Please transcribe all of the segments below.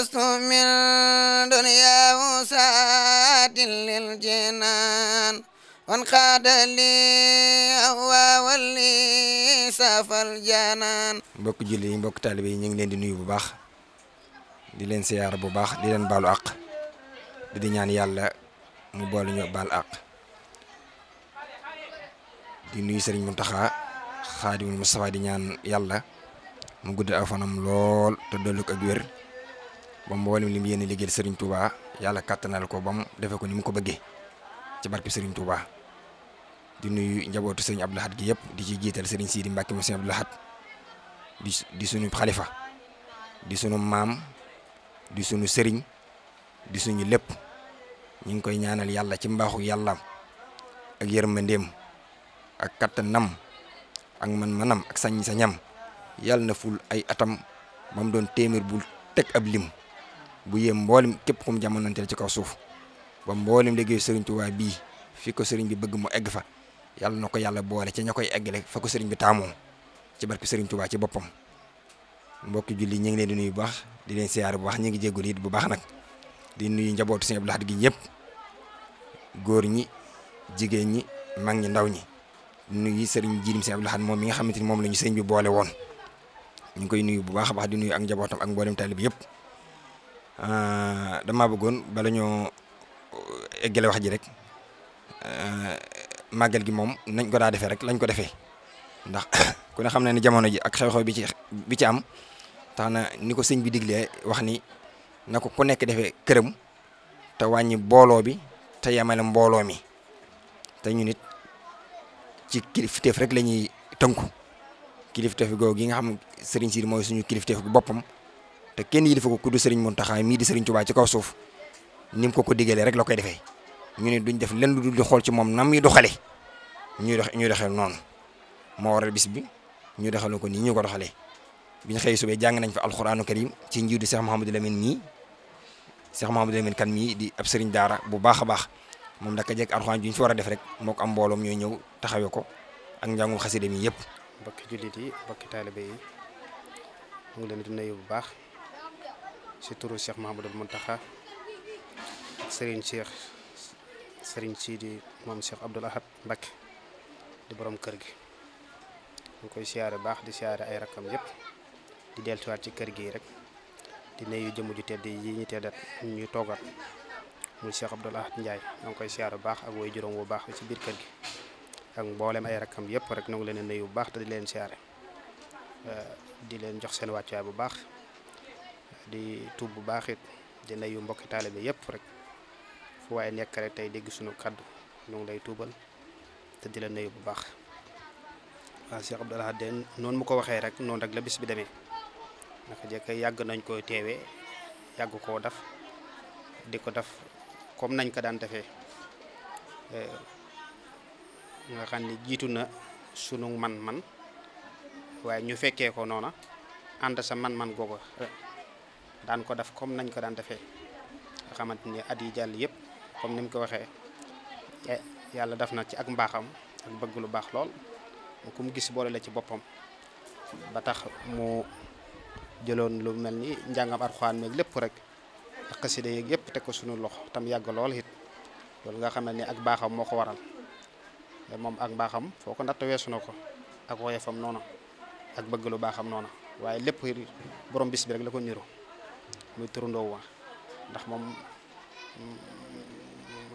لست من دنيا وساعة للجنان وانقاد لي هو واللي ساف الجنان mbokk julli yi mbokk taalibe yi ñu ngi leen di nuyu bu baax di leen siyaar bu baax di leen baalu àq di ñaan yàlla mu boolu ñu baal àq di nuyu Serigne Mountakha Xaadimul Moustapha di ñaan yàlla mu gudd afanam lool te dollu ko ak ba mboolem li mu yéene liggéeyal Serigne Touba yàlla kattanal ko ba mu defee ko ni mu ko bëggee ci barke sëriñ Touba di nuyu njabootu Serigne Abdou Lahad gi yëpp di ci jiital Serigne Sidi Mbacke mu Serigne Abdou Lahad di di sunu xalifa di sunu maam di sunu sëriñ di suñu lépp ñu ngi koy ñaanal yàlla ci mbaaxu yàllaam ak yërmandeem ak kattanam ak man-manam ak sañ-sañam yàlla na ful ay atam ba doon téeméer bul teg ab lim. bu yéem mboolem képp kum jamonoonteel ci kaw suuf ba mboolem liggéeyu sëriñ Tuubaa bii fi ko sëriñ bi bëgg mu egg fa yàlla na ko yàlla boole ci ña koy egg fa ko sëriñ bi taamoo ci barke sëriñ Tuubaa ci boppam mbokki julli ñu ngi leen di nuyu bu baax di leen siyaar bu baax ñu ngi jéggul it bu baax nag di nuyu njabootu Sëriñ gi ñëpp góor ñi jigéen ñi mag ñi ndaw ñi nuyu sëriñ jiirim Sëriñ Abdou Lahad moom mi nga xamante ni moom la ñu sëriñ bi boole woon ñu ngi koy nuyu bu baax a baax di nuyu ak njabootam ak mboolem taalibe bi yëpp Euh, dama bëggoon bala ñoo euh, eggale ji rek euh, màggal gi moom nañ ko daa defee rek lañ ko defee ndax ku ne xam na ni jamono ji ak xew-xew bi ci bi ci am tax ni ko sëñ bi diglee wax ni nako ko ku nekk defee këram te wàññi mbooloo bi te yemale mbooloo mi te ñu nit ci kilifteef rek la ñuy tënku kilifteef googu gi nga xam sëriñ si mooy suñu kilifteef boppam. te kenn yilifa ko ku du Serigne Mountakha mii di Serigne Touba ci kaw suuf ni mu ko ko digalee rek la koy defee ñu ne duñ def lenn lu dul di xool ci moom nam muy doxalee ñuy dox ñuy doxal noonu moo waral bis bi ñu doxaloo ko nii ñu ko doxalee. biñ xëy subee jàng nañ fa alxuraanu karim ci njiitu Cheikh Mouhamadou Lamine mii Cheikh Mouhamadou Lamine kan mii di ab Serigne Daara bu baax a baax moom naka jeg alxuraan juñ fi war a def rek moo ko am mbooloom ñooy ñëw taxawee ko ak njàngum xasida mi yëpp. mbokki jullit yi mbokki taalibe yi mu ngi leen di nuyu bu baax. si turu Cheikh Mahamadul Muntaxa sëriñ Cheikh sëriñ Sidi moom Cheikh Abdoul Ahad Mbacké di borom kër gi ñu koy siyaare baax di siyaare ay rakkam yëpp di dellusiwaat ci kër gi rek di nuyu jëmm ju tedd yi ñu teddat ñu toogat mu Cheikh Abdoul Ahad Ndiaye ñoo koy siyaare baax ak woy juróom bu baax ci biir kër gi ak mboolem ay rakkam yëpp rek ñu leen a bu baax te di leen siyaare di leen jox seen wàccuwaay bu baax. di tuub bu baax di nayu mbokki taalibe yépp rek fu waaye nekk rek tey dégg sunu kàddu ñu lay tuubal te di la nuyu bu baax waaw Cheikh Abdou Lahad noonu mu ko waxee rek noonu rek la bis bi demee naka jekk yàgg nañ koy teewee yàgg koo def di ko def comme nañ ko daan defee eh, nga xam ne jiitu na sunu man-man waaye ñu fekkee ko noona ànd sa man-man googu daan ko def comme nañ ko daan defee nga xamante ni at yi jàll yëpp comme ni mu ko waxee eh, yàlla def na ci ak mbaaxam ak bëgg lu baax lool ku mu gis boole la ci boppam ba tax mu jëloon lu mel ni njàngam arxuwaan meeg lépp rek ak xasida yeeg yëpp teg ko sunu loxo tam yàgg lool it loolu nga xam ne ak baaxam moo ko waral eh, moom ak mbaaxam foo ko natt weesu na ko ak woyefam noona ak bëgg lu baaxam noona waaye lépp borom bis bi rek la ko niru muy turandoo wa ndax moom mm,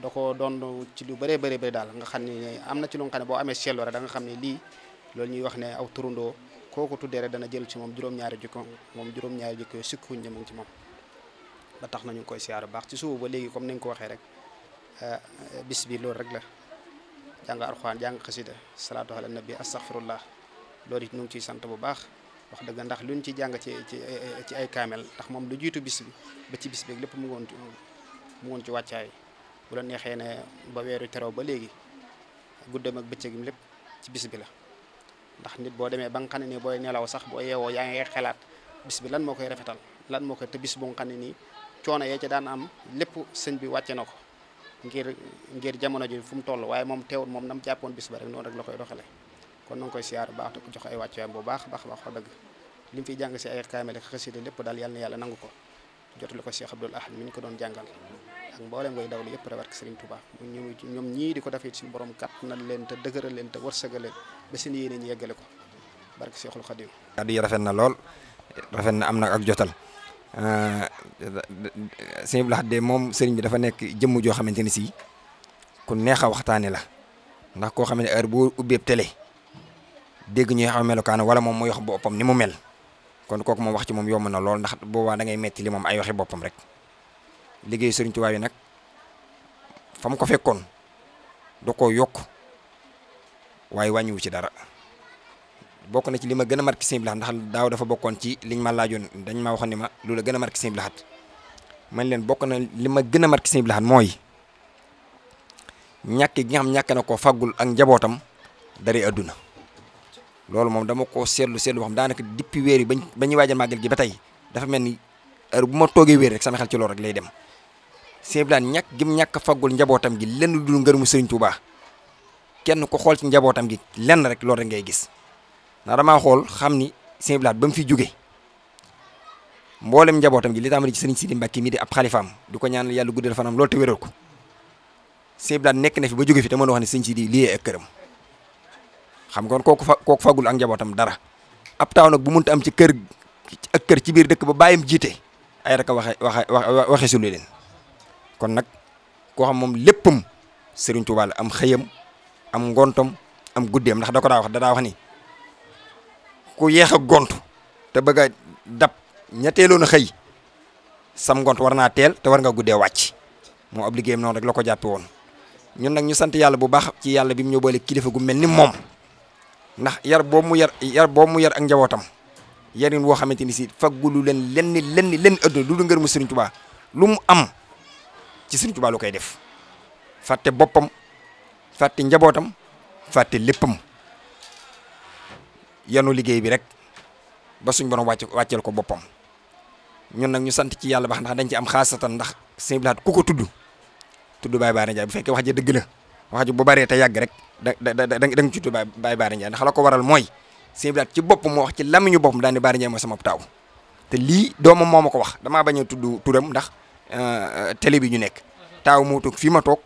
da ko doon ci lu bare bëri bëri daal nga xam ne am na ci lu nga xam ne boo amee seetlu rek xam ne lii loolu ñuy wax ne aw turandoo kooku tuddee rek dana jël ci moom juróom-ñaari jikko moom juróom-ñaari jikko yooyu sikkuñ ñi mu ci moom ba tax nañu ngi koy siyaar baax ci suba ba léegi comme ni ko waxee rek eh, bis bi loolu rek la jàng alxuraan jàng xasida salaatu ala nabi astaghfirullah loolu it ñu ciy sant bu baax wax dëgg ndax luñ ci jàng ci ci ci ay kaamel ndax moom lu jiitu bis bi ba ci bis beeg lépp mu ngoon mu ngoon ci wàccaay bu la neexee ne ba weeru teroo ba léegi guddam ak bëccëg lépp ci bis bi la ndax nit boo demee ba nga xam ne nii booy nelaw sax boo yeewoo yaa ngee xelaat bis bi lan moo koy rafetal lan moo koy te bis bu nga xam ne nii coono yee ca daan am lépp sëñ bi wàcce na ko ngir ngir jamono ji fu mu toll waaye moom teewul moom nam jàppoon bis ba rek noonu rek la koy doxalee kon nu koy siyaar baax te jox ay wàccuwaayam bu baax baax baax wax dëgg li mu jàng si ay kaamel ak xasida lépp daal yàlla na yàlla nangu ko jotali ko Cheikh Abdoul Ahad mi ñu ko doon jàngal ak mboolem ngay daw li yëpp rawatina Serigne Touba ñu ñoom ñii di ko def si borom kat na leen te dëgëral leen te wërsëgal leen ba seen yéene ñu yeggale ko barke Cheikhul Khadim. kàddu yi rafet na lool rafet na am na ak jotal euh, sëñ Abdoul de moom Serigne bi dafa nekk jëmm joo xamante ni si kon neex a waxtaanee la ndax koo xam ne heure boo ubbee télé. dégg ñuy xaw melokaana wala moom muy wax boppam ni mu mel kon kooku moom wax ci moom yomb na lool ndax boobaa da ngay metti li moom ay waxi boppam rek liggéey Sëriñ Tuubaa bi nag fa mu ko fekkoon da ko yokk waaye wàññiwu ci dara bokk na ci li ma gën a marqué Sëriñ Abdou Lahad ndax daaw dafa bokkoon ci liñ ma laajoon dañ ma waxoon ni ma lu la gën a marqué man leen bokk na li ma gën a marqué Sëriñ Abdou mooy ñàkk gi xam ñàkk na koo faggul ak njabootam dari àdduna loolu moom dama ko seetlu seetlu boo xam daanaka dippi weer yi bañ ba ñuy waajal màggal gi ba tey dafa mel ni heure bu ma toogee weer rek sama xel rek lay dem sëñ bi ñàkk gim njabootam gi lenn dul ngërëmu Sëriñ Tuubaa kenn ko xool ci njabootam gi lenn rek loolu rek ngay gis ndax damaa xool xam ni sëñ bi ba mu fi jóge mboolem njabootam gi li tàmbali ci sëriñ Sidi Mbacke mi di ab xalifaam di ko ñaanal yàlla guddal fanam loolu te wéral ko sëñ bi nekk na fi ba jóge fi te mën a wax ne sëriñ Sidi lii ak këram xam nga kook fa kooku fagul ak njabootam dara ab taaw nag bu munta am ci kër ak kër ci biir dëkk ba bàyyim jiite ay rek a waxe waxe waxe sulu kon nag koo xam moom léppam Serigne Touba la am xëyam am ngontam am guddeem ndax da ko daa wax da daa wax ku yeex a gont te bëgg a dab ñetteeloon a xëy sam ngont war naa teel te war nga guddee wàcc moo ab liggéeyam noonu rek la ko jàppe woon nag ñu sant yàlla bu baax ci yàlla bi mu ñu kilifa gu mel ni moom ndax yar boobu mu yar yar boobu mu yar ak njabootam yarin woo xamante ni si faggulu leen lenn lenn lenn adduna lu du ngër mu Sëriñ Tuubaa lu mu am ci Sëriñ Tuubaa lu koy def fàtte boppam fàtte njabootam fàtte léppam yanu liggéey bi rek ba suñ borom wàcc wàcceel ko boppam ñun nag ñu sant ci yàlla baax ndax dañ ci am xaasatan ndax sëñ Blaat ku ko tudd tudd Baye Bara Ndiaye bi fekkee wax ja dëgg la wax ju bu bëree te yàgg rek da da da nga ci tudd Baye Baara Ndiaye ndax la ko waral mooy sëñ Blaat ci bopp moo wax ci lamiñu boppam daal ni Baara Ndiaye mooy sama taaw te lii doomam moo ma ko wax damaa bañ a tudd turam ndax euh, télé bi ñu nekk taaw moo toog ma toog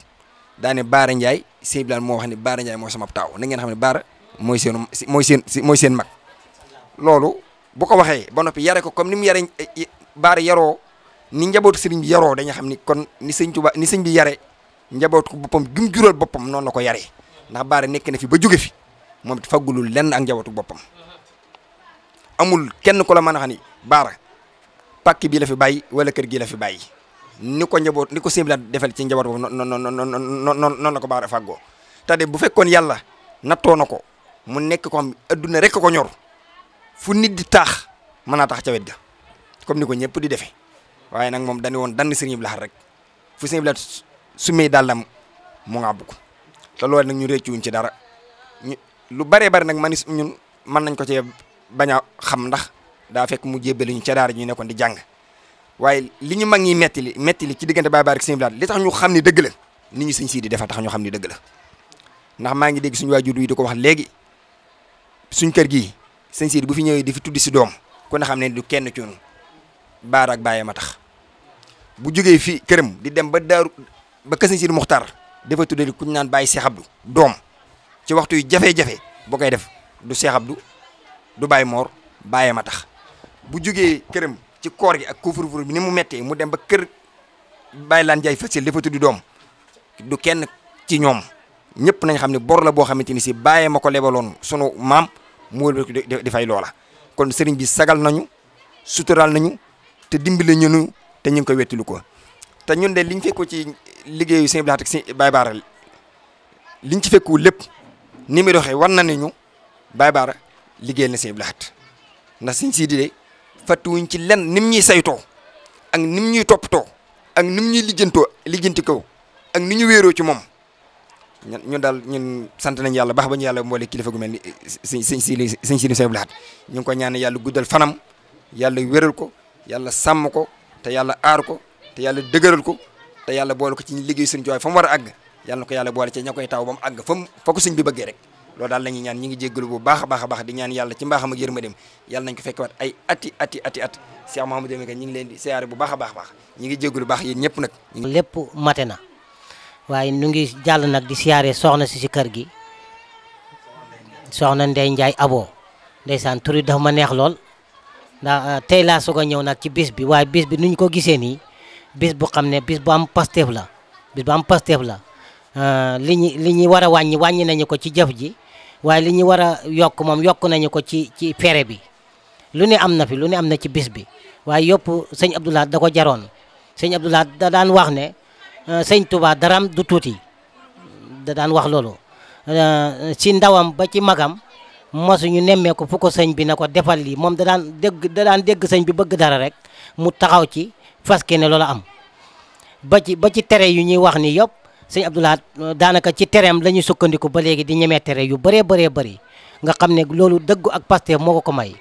daa ne Baara Ndiaye sëñ Blaat moo wax ni Baara Ndiaye mooy sama taaw na ngeen xam ne baar mooy seen mooy seen mooy seen mag loolu bu ko waxee ba noppi yare ko comme ni mu yare Baara yaroo ni njaboot si bi yaroo dañuy xam ni kon ni sëñ Tuubaa ni sëñ bi yare njaboot ko boppam gum jural boppam noonu la ko yaree ndax baare nekk na fi ba jóge fi moom it faggulul lenn ak njabootu boppam amul kenn ku la mën a xam ni baara pàkk bii la fi bàyyi wala kër gii la fi bàyyi ni ko njaboot ni ko simbilaat defal ci njaboot boobu noonu noonu noonu ko baara faggoo te bu fekkoon yàlla nattoo ko mu nekk ko xam adduna rek ko ñor fu nit di taax mën a tax ca wet ga comme ni ko ñëpp di defe waaye nag moom dañu woon dann Sëriñ Abdou Lahad rek fu Sëriñ Abdou su may dàllam mu ŋàbb ko te loolu nag ñu réccuwuñ ci dara ñu lu baree bari nag manis ñun mën nañ ko cee bañ a xam ndax daa fekk mu jébbali ñu ca daara ñu nekkoon di jàng waaye li ñu mag ñi metti li li ci diggante baa Bara ak Sëñ li tax ñu xam ni dëgg la nit ñi Sëñ Siidi dafa tax ñu xam ni dëgg la ndax maa ngi dégg suñ waajur yi di ko wax léegi suñ kër gi Sëñ Siidi bu fi ñëwee di fi tuddi si doom ku ne xam ne du kenn ci ñun Baara ak Baay ma tax bu jógee fi këram di dem ba daaru ba kës ni si muxtar dafa tuddee ku ñu naan bàyyi Cheikh doom ci waxtu yu jafe-jafe boo koy def du Cheikh Abdou du bàyyi moor bàyyee ma tax bu jógee këram ci koor gi ak couvre-feu bi ni mu mettee mu dem ba kër bàyyi laan jaay fasil dafa di doom du kenn ci ñoom ñëpp nañ xam ne bor la boo xamante ni si bàyyee ma ko lebaloon sunu maam mu wëlbati ko di fay loola kon sëriñ bi sagal nañu sutural nañu te dimbale ñunu te ñu ngi koy wettulu ko te ñun de liñ fekku ci liggéeyu sëñ Blaat ak sëñ Baye Baara liñ ci fekku lépp ni muy doxee war na ne ñu Baye Baara liggéeyal na sëñ Blaat ndax sëñ Sidi de fàttuwuñ ci lenn nim ñuy saytoo ak nim ñuy toppatoo ak nim ñuy lijjantoo lijjanti kaw ak ni ñu wéeroo ci moom ñun daal ñun sant nañ yàlla baax ba ñu yàlla mboole kilifa gu mel ni sëñ sëñ Sidi sëñ Sidi sëñ Blaat ñu ko ñaan yàlla guddal fanam yàlla wéral ko yàlla sàmm ko te yàlla aar ko. te yàlla dëgëral ko te yàlla boole ko ci liggéey sëriñ Tuubaa fa mu war a àgg yàlla na ko yàlla boole ci ña koy taw ba mu àgg fa mu bi bëggee rek loolu daal la ñuy ñaan ñi ngi bu baax a baax a baax di ñaan yàlla ci mbaaxam ak yërmandeem yàlla nañ ko fekkewaat ay ati ati ati at Cheikh Mouhamadou Mbacké ñi ngi leen di siyaare bu baax a baax baax ñi ngi jéggalu nag na di siyaare soxna si si kër gi soxna Ndey Njaay Abo ndeysaan tur yi dafa ma neex lool ndax tey laa soog a ñëw nag ci bis bi waaye bis bi nuñ ko gisee nii bis bu xam ne bis bu am pasteef la bis bu am pasteef la euh, li ñu li ñu war a wàññi wàññi nañu ko ci jëf ji waaye li ñu war a yokk moom yokk nañu ko ci ci fere bi lu ne am na fi lu ne am na ci bis bi waaye yëpp sëñ Abdoulaye da ko jaroon sëñ Abdoulaye da daan wax ne euh, sëñ Touba daram du tuuti da daan wax loolu euh, ci ndawam ba ci magam mosuñu nemmee ko fu ko sëñ bi na ko defal lii moom da daan dégg da daan dégg sëñ bi bëgg dara rek mu taxaw ci fas ne loola am ba ci ba ci tere yu ñuy wax ni yëpp sëñ Abdoulahat daanaka ci tereem la ñuy sukkandiku ba léegi di ñemee tere yu bëree bëree bëri nga xam ne loolu dëggu ak Pastef moo ko ko may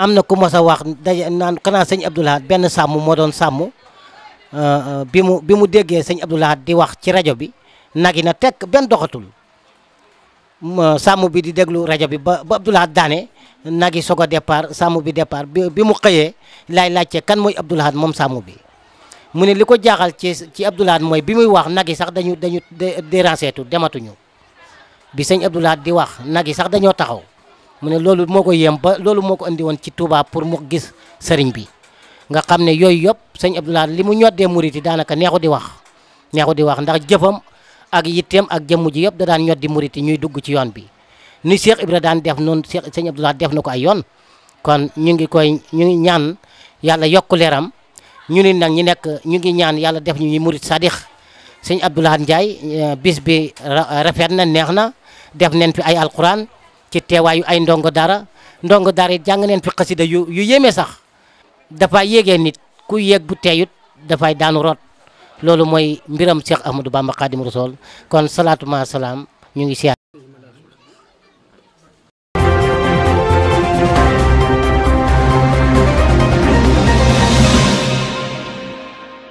am na ku mos a wax daje naan xanaa sëñ Abdoulahat benn sàmm moo doon sàmm euh, euh, bi mu bi mu déggee sëñ Abdoulahat di wax ci rajo bi nag yi na tekk benn doxatul sàmm bi di déglu rajo bi ba ba daane nag yi soog a départ bi départ bi mu xëyee laay laajte kan mooy Abdou Lahad moom sàmm bi mu ne li ko jaaxal ci ci Abdou mooy bi muy wax nag yi sax dañu dañu déranger tu dematuñu bi sëñ Abdou Lahad di wax nag yi sax dañoo taxaw mu ne loolu moo ko yem ba loolu moo ko indi woon ci Touba pour mu gis sëriñ bi nga xam ne yooyu yëpp sëñ Abdou Lahad li mu ñoddee murit yi daanaka neexu di wax neexu di wax ndax jëfam ak yitteem ak jëmm ji yëpp da daan ñoddi murit yi ñuy dugg ci yoon bi ni Cheikh Ibra daan def noonu Cheikh sëñ Abdoulaye def na ko ay yoon kon ñu ngi koy ñu ngi ñaan yàlla yokk leeram ñu ni nag ñu nekk ñu ngi ñaan yàlla def ñu ñuy murit sadix sëñ Abdoulaye Ndiaye eh, bis bi rafet na neex na def nen fi ay alquran ci teewaayu ay ndongo dara ndongo dara it jàng neen fi xasida yu yu sax dafa yéegee nit ku yéeg bu teeyut dafay daanu root loolu mooy mbiram Cheikh Ahmadou Bamba Khadim Rassoul kon salaatu ma ñu ngi siyaar